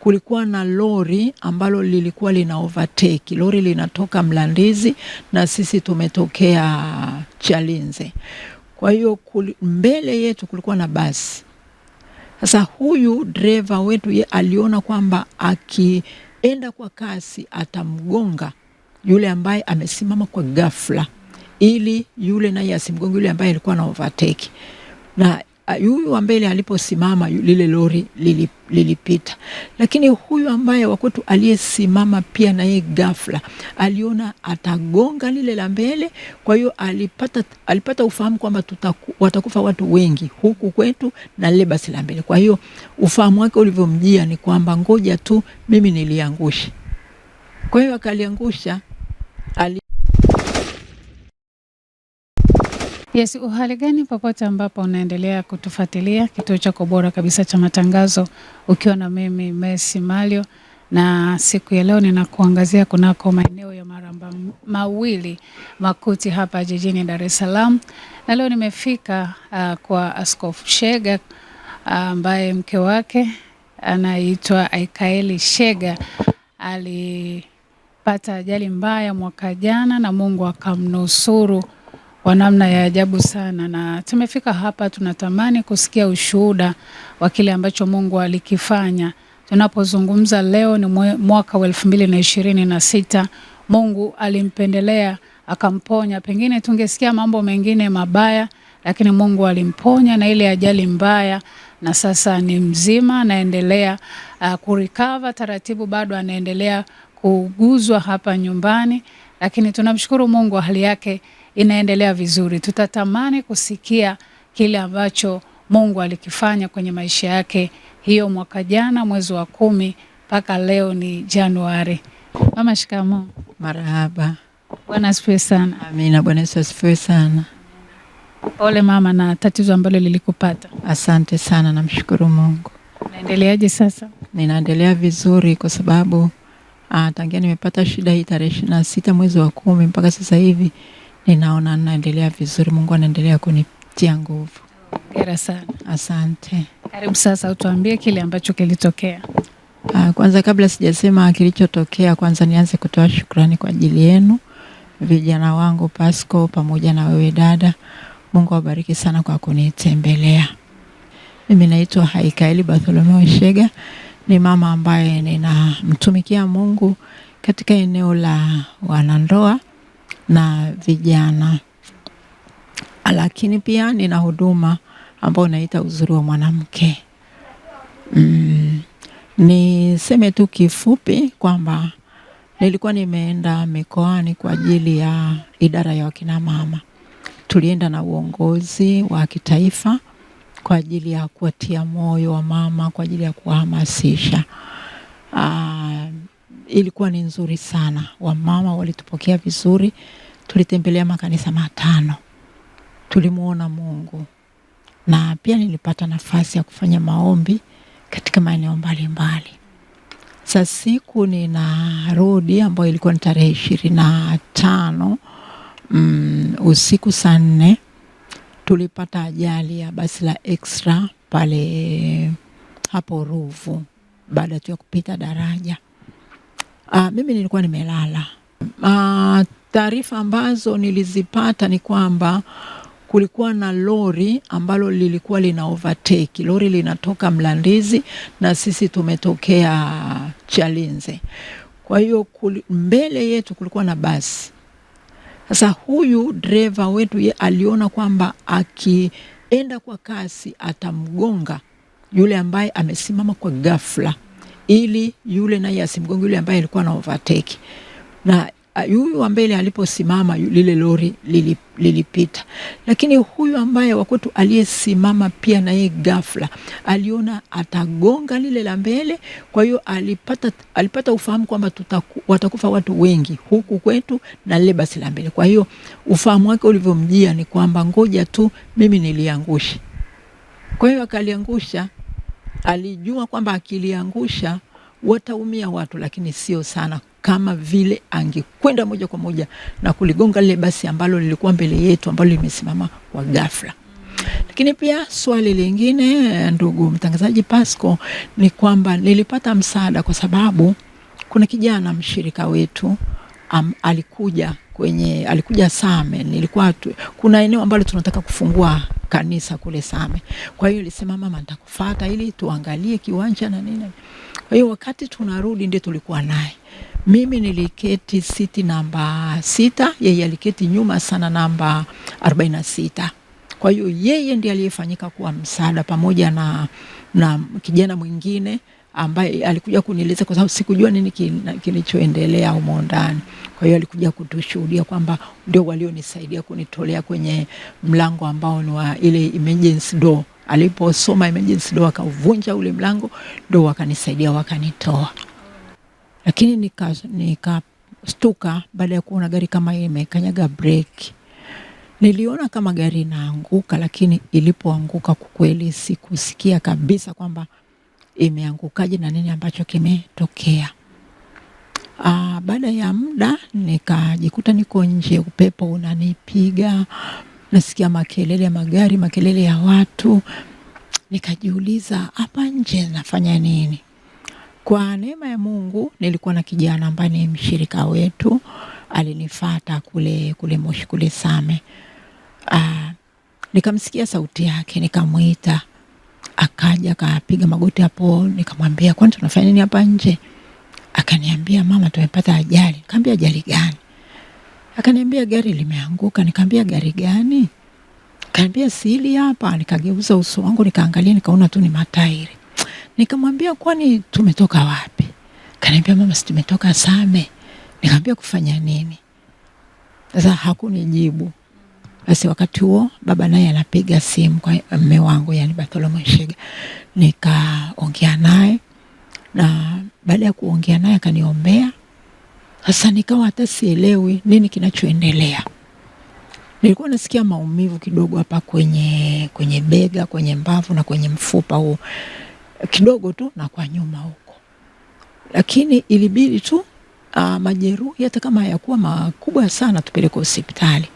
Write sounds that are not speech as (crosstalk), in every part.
kulikuwa na lori ambalo lilikuwa lina overtake. Lori linatoka Mlandizi na sisi tumetokea Chalinze. Kwa hiyo mbele yetu kulikuwa na basi. Sasa huyu dreva wetu ye aliona kwamba akienda kwa kasi atamgonga yule ambaye amesimama kwa ghafla, ili yule naye asimgonge yule ambaye alikuwa na overtake na Ah, huyu wa mbele aliposimama, lile lori lilipita, lakini huyu ambaye wakwetu aliyesimama pia na yeye ghafla aliona atagonga lile la mbele. Kwa hiyo alipata, alipata ufahamu kwamba watakufa watu wengi huku kwetu na lile basi la mbele. Kwa hiyo ufahamu wake ulivyomjia ni kwamba ngoja tu mimi niliangusha. Kwa hiyo akaliangusha ali Yes, uhali gani popote ambapo unaendelea kutufuatilia kituo chako bora kabisa cha matangazo ukiwa na mimi Messi Malio, na siku ya leo ninakuangazia kunako maeneo ya Maramba Mawili Makuti hapa jijini Dar es Salaam, na leo nimefika uh, kwa Askofu Shega ambaye uh, mke wake anaitwa Aikaeli Shega alipata ajali mbaya mwaka jana na Mungu akamnusuru kwa namna ya ajabu sana, na tumefika hapa, tunatamani kusikia ushuhuda wa kile ambacho Mungu alikifanya. Tunapozungumza leo ni mwaka wa elfu mbili na ishirini na sita. Mungu alimpendelea akamponya. Pengine tungesikia mambo mengine mabaya, lakini Mungu alimponya na ile ajali mbaya, na sasa ni mzima, anaendelea uh, kurikava taratibu, bado anaendelea kuuguzwa hapa nyumbani, lakini tunamshukuru Mungu, hali yake inaendelea vizuri. Tutatamani kusikia kile ambacho Mungu alikifanya kwenye maisha yake hiyo mwaka jana mwezi wa kumi mpaka leo ni Januari. Mama, shikamo. Marahaba. Bwana asifiwe sana. Amina. Bwana Yesu asifiwe sana. Pole mama na tatizo ambalo lilikupata. Asante sana, namshukuru Mungu. Naendeleaje sasa? Ninaendelea vizuri kwa sababu ah, tangia nimepata shida hii tarehe ishirini na sita mwezi wa kumi mpaka sasa hivi ninaona naendelea vizuri. Mungu anaendelea kunitia nguvu. Hongera sana. Asante. Karibu sasa, utuambie kile ambacho kilitokea. Uh, kwanza kabla sijasema kilichotokea, kwanza nianze kutoa shukrani kwa ajili yenu vijana wangu Pasco pamoja na wewe dada. Mungu awabariki sana kwa kunitembelea. Mimi naitwa Haikaeli Bartholomeo Shega, ni mama ambaye ninamtumikia Mungu katika eneo la wanandoa na vijana, lakini pia nina huduma ambayo naita uzuri wa mwanamke. Mm, niseme tu kifupi kwamba nilikuwa nimeenda mikoani kwa ajili ya idara ya wakinamama. Tulienda na uongozi wa kitaifa kwa ajili ya kuwatia moyo wa mama, kwa ajili ya kuwahamasisha. Aa, ah, ilikuwa ni nzuri sana. Wamama walitupokea vizuri, tulitembelea makanisa matano, tulimuona Mungu na pia nilipata nafasi ya kufanya maombi katika maeneo mbalimbali. sa siku ninarudi ambayo ilikuwa ni tarehe ishirini na tano mm, usiku saa nne tulipata ajali ya basi la Extra pale hapo Ruvu baada tu ya kupita daraja Uh, mimi nilikuwa nimelala. Uh, taarifa ambazo nilizipata ni kwamba kulikuwa na lori ambalo lilikuwa lina overtake. Lori linatoka Mlandizi na sisi tumetokea Chalinze, kwa hiyo mbele yetu kulikuwa na basi. Sasa huyu dreva wetu ye aliona kwamba akienda kwa kasi atamgonga yule ambaye amesimama kwa ghafla ili yule naye asimgonge yule ambaye alikuwa na overtake. Na huyu wa mbele aliposimama, lile lori lilipita, lakini huyu ambaye wakwetu aliyesimama pia naye ghafla aliona atagonga lile la mbele. Kwa hiyo alipata, alipata ufahamu kwamba watakufa watu wengi huku kwetu na lile basi la mbele. Kwa hiyo ufahamu wake ulivyomjia ni kwamba ngoja tu mimi niliangusha. Kwa hiyo akaliangusha, alijua kwamba akiliangusha wataumia watu, lakini sio sana kama vile angekwenda moja kwa moja na kuligonga lile basi ambalo lilikuwa mbele yetu ambalo limesimama kwa ghafla. Lakini pia swali lingine, ndugu mtangazaji Pasco, ni kwamba nilipata msaada kwa sababu kuna kijana mshirika wetu am, alikuja kwenye alikuja Same, nilikuwa tu, kuna eneo ambalo tunataka kufungua kanisa kule Same. Kwa hiyo nilisema mama, nitakufuata ili tuangalie kiwanja na nini kwa hiyo wakati tunarudi ndio tulikuwa naye. Mimi niliketi siti namba sita, yeye aliketi nyuma sana namba 46. Kwa hiyo yeye ndiye aliyefanyika kuwa msaada pamoja na, na kijana mwingine ambaye alikuja kunieleza kwa sababu sikujua nini kilichoendelea humo ndani. Kwa hiyo alikuja kutushuhudia kwamba ndio walionisaidia kunitolea kwenye mlango ambao ni wa ile emergency door. Aliposoma emergency door akavunja ule mlango, ndo wakanisaidia wakanitoa, lakini nikastuka nika baada ya kuona gari kama imekanyaga breki niliona kama gari inaanguka, lakini ilipoanguka kwa kweli sikusikia kabisa kwamba imeangukaje na nini ambacho kimetokea. Ah, baada ya muda nikajikuta niko nje, upepo unanipiga, nasikia makelele ya magari, makelele ya watu. Nikajiuliza, hapa nje nafanya nini? Kwa neema ya Mungu nilikuwa na kijana ambaye ni mshirika wetu, alinifata kule kule Moshi kule Same. Ah, nikamsikia sauti yake, nikamwita Akaja akapiga magoti hapo, nikamwambia kwani tunafanya nini hapa nje? Akaniambia mama, tumepata ajali. kaambia ajali gani? Akaniambia gari limeanguka. nikaambia gari gani? Kaambia, sili hapa. Nikageuza uso wangu nikaangalia, nikaona tu ni matairi. Nikamwambia kwani tumetoka wapi? Kaniambia, mama, si tumetoka Same. Nikaambia, kufanya nini? Sasa hakunijibu. Basi wakati huo baba naye anapiga simu kwa mme wangu, yani Bartholomew Shega, nikaongea naye na baada ya kuongea naye akaniombea. Sasa nikawa hata sielewi nini kinachoendelea. Nilikuwa nasikia maumivu kidogo hapa kwenye kwenye bega, kwenye mbavu na kwenye mfupa huo kidogo tu na kwa nyuma huko, lakini ilibidi tu ah, majeruhi hata kama hayakuwa makubwa sana tupeleke hospitali.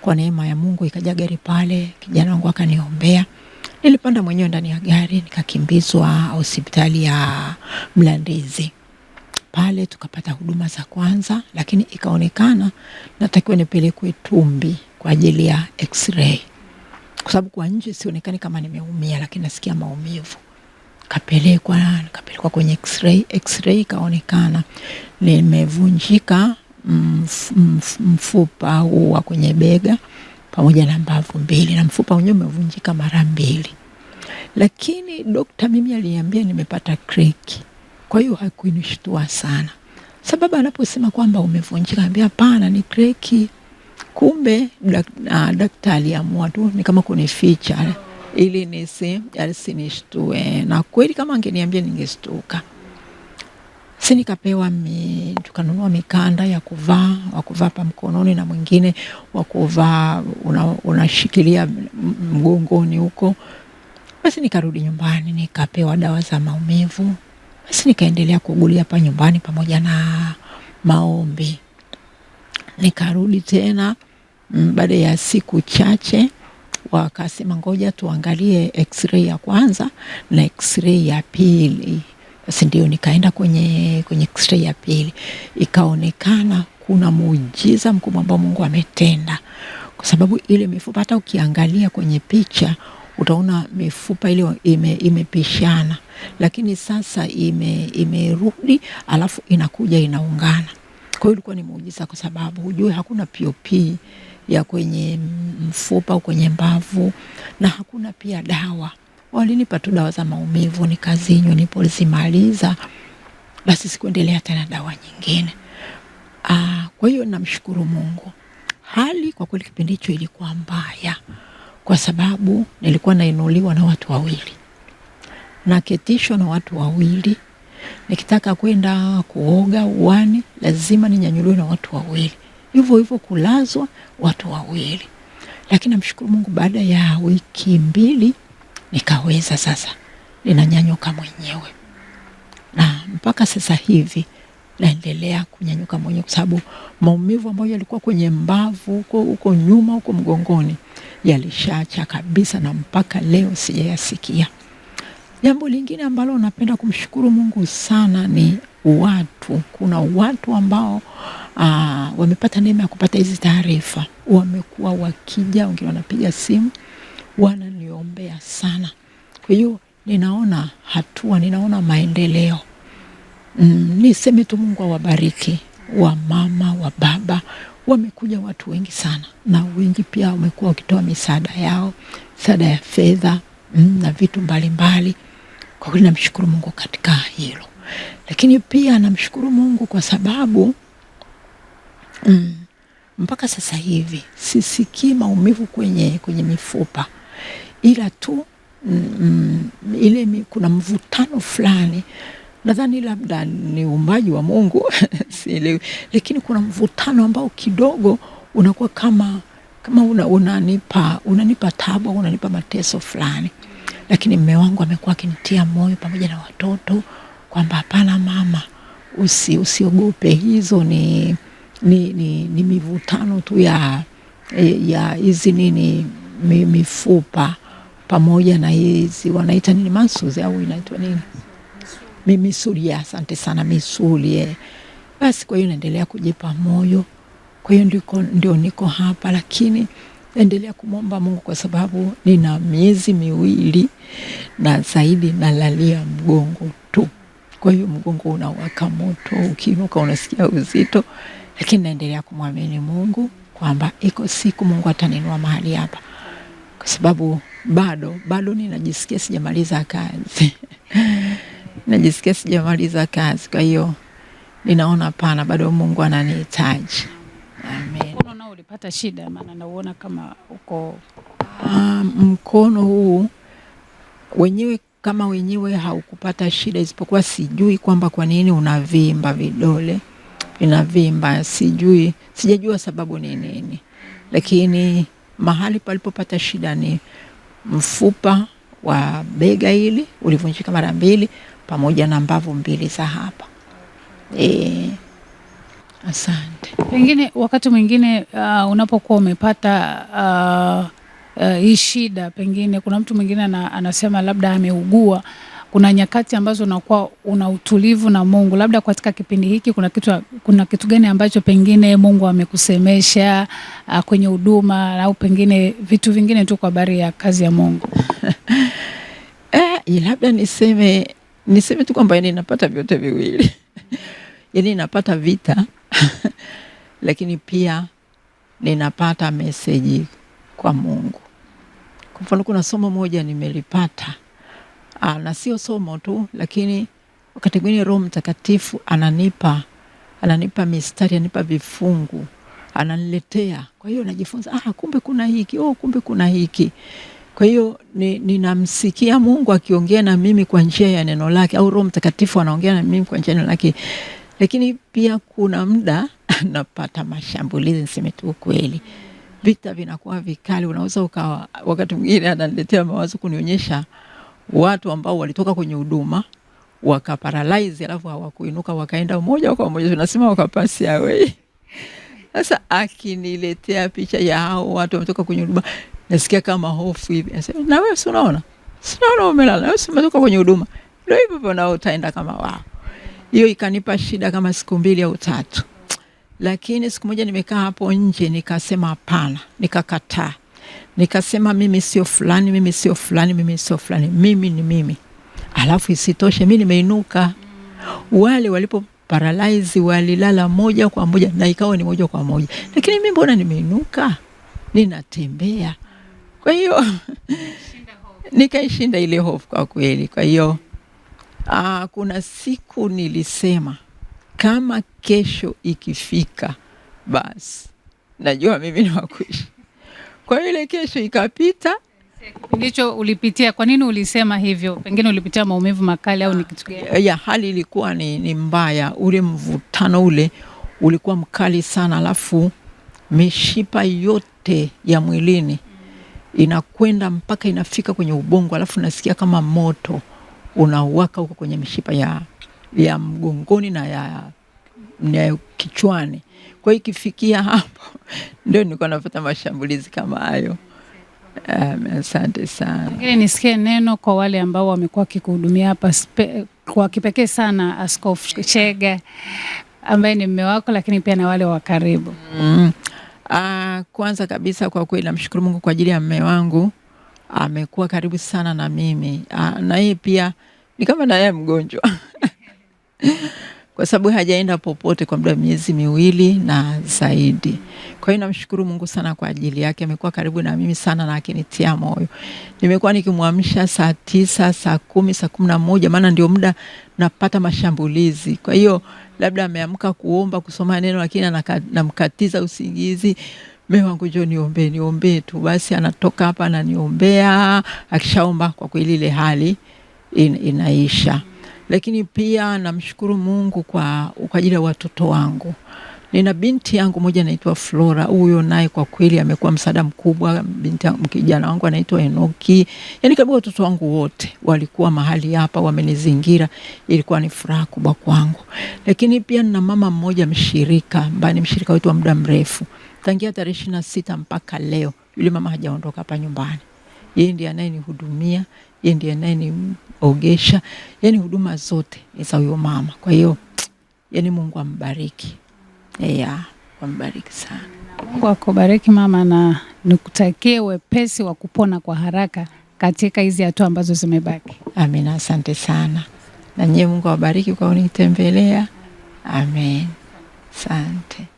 Kwa neema ya Mungu ikaja gari pale, kijana wangu akaniombea. Nilipanda mwenyewe ndani ya gari nikakimbizwa hospitali ya Mlandizi pale tukapata huduma za kwanza, lakini ikaonekana natakiwa nipelekwe Tumbi kwa ajili ya x-ray, kwa sababu kwa nje sionekani kama nimeumia, lakini nasikia maumivu. Kapelekwa, nikapelekwa kwenye x-ray. X-ray ikaonekana nimevunjika mfupa huu wa kwenye bega pamoja na mbavu mbili, na mfupa wenyewe umevunjika mara mbili, lakini dokta mimi aliniambia nimepata kriki. kwa hiyo hakunishtua sana sababu anaposema kwamba umevunjika, ambia hapana, ni kreki. Kumbe dakta aliamua tu ni kama kunificha ili nisi, yasinishtue, na kweli kama angeniambia ningestuka si nikapewa mi, tukanunua mikanda ya kuvaa wa kuvaa pa mkononi na mwingine wa kuvaa unashikilia una mgongoni huko. Basi nikarudi nyumbani nikapewa dawa za maumivu, basi nikaendelea kuugulia pa nyumbani pamoja na maombi. Nikarudi tena mm, baada ya siku chache, wakasema ngoja tuangalie x-ray ya kwanza na x-ray ya pili. Basi ndio nikaenda kwenye, kwenye X-ray ya pili ikaonekana kuna muujiza mkubwa ambao Mungu ametenda, kwa sababu ile mifupa hata ukiangalia kwenye picha utaona mifupa ile ime, imepishana, lakini sasa ime, imerudi alafu inakuja inaungana. Kwa hiyo ilikuwa ni muujiza, kwa sababu hujue hakuna POP ya kwenye mfupa au kwenye mbavu na hakuna pia dawa Walinipa tu dawa za maumivu nikazinywa, nilipozimaliza basi sikuendelea tena dawa nyingine. Aa, ah, kwa hiyo namshukuru Mungu. Hali kwa kweli kipindi hicho ilikuwa mbaya, kwa sababu nilikuwa nainuliwa na watu wawili, naketishwa na watu wawili. Nikitaka kwenda kuoga uwani lazima ninyanyuliwe na watu wawili, hivyo hivyo kulazwa watu wawili. Lakini namshukuru Mungu, baada ya wiki mbili nikaweza sasa, ninanyanyuka mwenyewe, na mpaka sasa hivi naendelea kunyanyuka mwenyewe, kwa sababu maumivu ambayo yalikuwa kwenye mbavu huko huko nyuma huko mgongoni yalishacha kabisa, na mpaka leo sijayasikia. Jambo lingine ambalo napenda kumshukuru Mungu sana ni watu. Kuna watu ambao aa, ah, wamepata neema ya kupata hizi taarifa, wamekuwa wakija, wengine wanapiga simu wananiombea sana. Kwa hiyo ninaona hatua, ninaona maendeleo. Mm, niseme tu Mungu awabariki wa mama wa baba, wamekuja watu wengi sana, na wengi pia wamekuwa wakitoa misaada yao, misaada ya fedha mm, na vitu mbalimbali. Kwa kweli namshukuru Mungu katika hilo, lakini pia namshukuru Mungu kwa sababu mm, mpaka sasa hivi sisikii maumivu kwenye, kwenye mifupa ila tu mm, mm ile kuna mvutano fulani nadhani labda ni uumbaji wa Mungu (laughs) sielewi, lakini kuna mvutano ambao kidogo unakuwa kama kama una, unanipa unanipa tabu, unanipa mateso fulani, lakini mme wangu amekuwa akinitia moyo pamoja na watoto kwamba hapana, mama, usi usiogope, hizo ni ni, ni, ni mivutano tu ya ya hizi nini mifupa pamoja na hizi wanaita nini masuzi au inaitwa nini misuli. Asante sana misuli. Eh. Basi kwa hiyo naendelea kujipa moyo, kwa hiyo ndiko, ndio niko hapa, lakini naendelea kumwomba Mungu kwa sababu nina miezi miwili na zaidi nalalia mgongo tu. Kwa hiyo mgongo unawaka moto, ukiinuka unasikia uzito, lakini naendelea kumwamini Mungu kwamba iko siku Mungu ataninua mahali hapa kwa sababu bado bado ninajisikia sijamaliza kazi (laughs) najisikia sijamaliza kazi. Kwa hiyo ninaona pana bado Mungu ananihitaji. Amen. Mkono nao ulipata shida, maana nauona kama uko ah, mkono huu wenyewe kama wenyewe haukupata shida, isipokuwa sijui kwamba kwa nini unavimba, vidole vinavimba, sijui, sijajua sababu ni nini, lakini Mahali palipopata shida ni mfupa wa bega hili ulivunjika mara mbili pamoja na mbavu mbili za hapa. E, asante. Pengine wakati mwingine uh, unapokuwa umepata uh, uh hii uh, shida, pengine kuna mtu mwingine anasema labda ameugua kuna nyakati ambazo unakuwa una utulivu na Mungu, labda katika kipindi hiki kuna kitu, kuna kitu gani ambacho pengine Mungu amekusemesha ah, kwenye huduma au pengine vitu vingine tu kwa habari ya kazi ya Mungu? (laughs) Eh, labda niseme niseme tu kwamba yani napata vyote viwili (laughs) yani napata vita (laughs) lakini pia ninapata meseji kwa Mungu. Kwa mfano kuna somo moja nimelipata Aa, ah, na sio somo tu, lakini wakati mwingine Roho Mtakatifu ananipa ananipa mistari, ananipa vifungu, ananiletea. Kwa hiyo najifunza, ah, kumbe kuna hiki oh, kumbe kuna hiki. Kwa hiyo ninamsikia ni Mungu akiongea na mimi kwa njia ya neno lake, au Roho Mtakatifu anaongea na mimi kwa njia ya neno lake, lakini pia kuna muda (laughs) napata mashambulizi, niseme tu kweli, vita vinakuwa vikali. Unaweza ukawa wakati mwingine ananiletea mawazo kunionyesha watu ambao walitoka kwenye huduma wakaparalyze, alafu hawakuinuka wakaenda moja kwa moja, tunasema wakapasi away. Sasa akiniletea picha ya hao watu wametoka kwenye huduma, nasikia kama hofu hivi, nasema na wewe si unaona, si unaona umelala, wewe si umetoka kwenye huduma, ndio hivyo hivyo, nao utaenda kama wao. Hiyo ikanipa shida kama siku mbili au tatu, lakini siku moja nimekaa hapo nje nikasema hapana, nikakataa nikasema mimi sio fulani, mimi sio fulani, mimi sio fulani, mimi ni mimi. Alafu isitoshe mi nimeinuka. Wale walipo paralyze walilala moja kwa moja, na ikawa ni moja kwa moja, lakini mi mbona nimeinuka, ninatembea. Kwa hiyo (laughs) nikaishinda ile hofu kwa kweli. Kwa hiyo ah, kuna siku nilisema kama kesho ikifika, basi najua mimi ni wakuishi kwa hiyo ile kesho ikapita. Ndicho ulipitia, kwa nini ulisema hivyo? Pengine ulipitia maumivu makali au ni kitu gani? Eh, ya hali ilikuwa ni, ni mbaya. Ule mvutano ule ulikuwa mkali sana, alafu mishipa yote ya mwilini inakwenda mpaka inafika kwenye ubongo, alafu nasikia kama moto unawaka huko kwenye mishipa ya, ya mgongoni na ya kichwani. Kwa hiyo ikifikia hapo (laughs) ndio nilikuwa napata mashambulizi kama hayo. Um, asante sana. Lakini nisikie neno kwa wale ambao wamekuwa wakikuhudumia hapa kwa kipekee sana Askofu Chege ambaye ni mme wako, lakini pia na wale wa karibu. Mm. Uh, kwanza kabisa kwa kweli namshukuru Mungu kwa ajili ya mme wangu, amekuwa karibu sana na mimi uh, na yeye pia ni kama na yeye mgonjwa (laughs) kwa sababu hajaenda popote kwa muda miezi miwili na zaidi. Kwa hiyo namshukuru Mungu sana kwa ajili yake, amekuwa karibu na mimi sana na akinitia moyo. Nimekuwa nikimwamsha saa tisa, saa kumi, saa kumi na moja, maana ndio muda napata mashambulizi. Kwa hiyo labda ameamka kuomba, kusoma neno, lakini namkatiza usingizi mimi wangu jo, niombe niombe tu basi. Anatoka hapa ananiombea, akishaomba kwa kweli ile hali in, inaisha lakini pia namshukuru Mungu kwa kwa ajili ya watoto wangu. Nina binti yangu moja anaitwa Flora, huyo naye kwa kweli amekuwa msaada mkubwa. Binti kijana wangu anaitwa Enoki. Yani karibu watoto wangu wote walikuwa mahali hapa, wamenizingira, ilikuwa ni furaha kubwa kwangu. Lakini pia nina mama mmoja mshirika ambaye ni mshirika wetu wa muda mrefu tangia tarehe ishirini na sita mpaka leo, yule mama hajaondoka hapa nyumbani. Yeye ndiye anayenihudumia, yeye ndiye anayeni kuogesha, yani huduma zote za huyo mama. Kwa hiyo yani Mungu ambariki, yeah, ambariki sana. Mungu akubariki mama, na nikutakie wepesi wa kupona kwa haraka katika hizi hatua ambazo zimebaki. Amina, asante sana na nyie, Mungu awabariki kwa kunitembelea. Amen, asante.